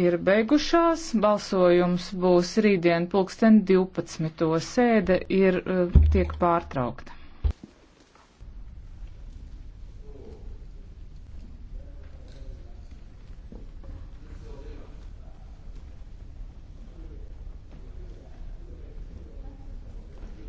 ir beigušās. Balsojums būs rītdien pulksten 12. Sēde ir, eh, tiek pārtraukta.